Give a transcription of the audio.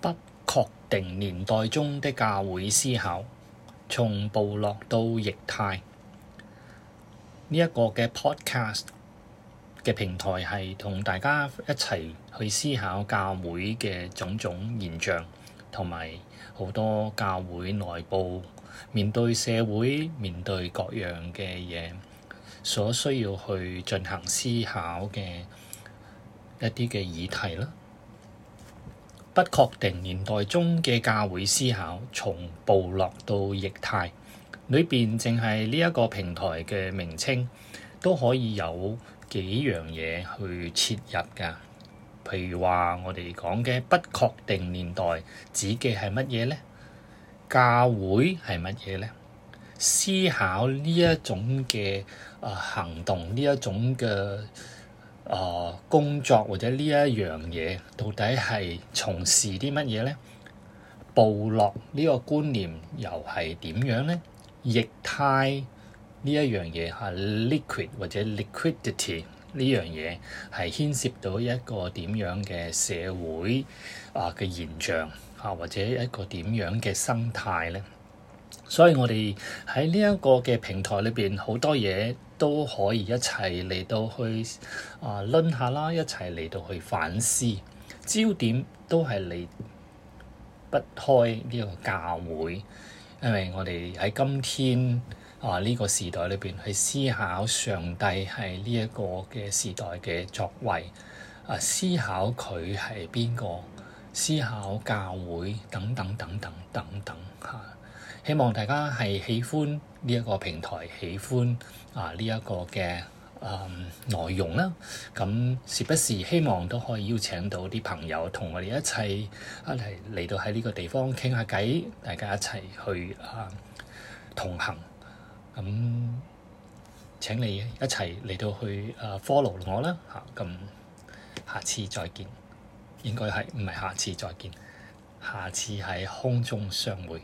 不確定年代中的教會思考，從部落到液態，呢、這、一個嘅 podcast 嘅平台係同大家一齊去思考教會嘅種種現象，同埋好多教會內部面對社會、面對各樣嘅嘢，所需要去進行思考嘅一啲嘅議題啦。不確定年代中嘅教會思考，從部落到液態，裏邊淨係呢一個平台嘅名稱都可以有幾樣嘢去切入㗎。譬如話我哋講嘅不確定年代指嘅係乜嘢呢？教會係乜嘢呢？思考呢一種嘅、呃、行動，呢一種嘅、呃、工作或者呢一樣嘢，到底係從事啲乜嘢咧？部落呢個觀念又係點樣咧？液態呢一樣嘢吓 liquid 或者 liquidity 呢樣嘢，係牽涉到一個點樣嘅社會啊嘅現象啊或者一個點樣嘅生態咧？所以我哋喺呢一個嘅平台裏邊，好多嘢都可以一齊嚟到去啊，論下啦，一齊嚟到去反思。焦點都係離唔開呢個教會，因為我哋喺今天啊呢個時代裏邊去思考上帝係呢一個嘅時代嘅作為啊，思考佢係邊個，思考教會等等等等等等嚇。啊，希望大家係喜歡呢一個平台，喜歡啊呢一個嘅誒內容啦。咁時不時希望都可以邀請到啲朋友同我哋一齊一嚟嚟到喺呢個地方傾下偈，大家一齊去啊同行。咁請你一齊嚟到去誒 follow 我啦嚇。咁下次再見，應該係唔係下次再見？下次喺空中相會。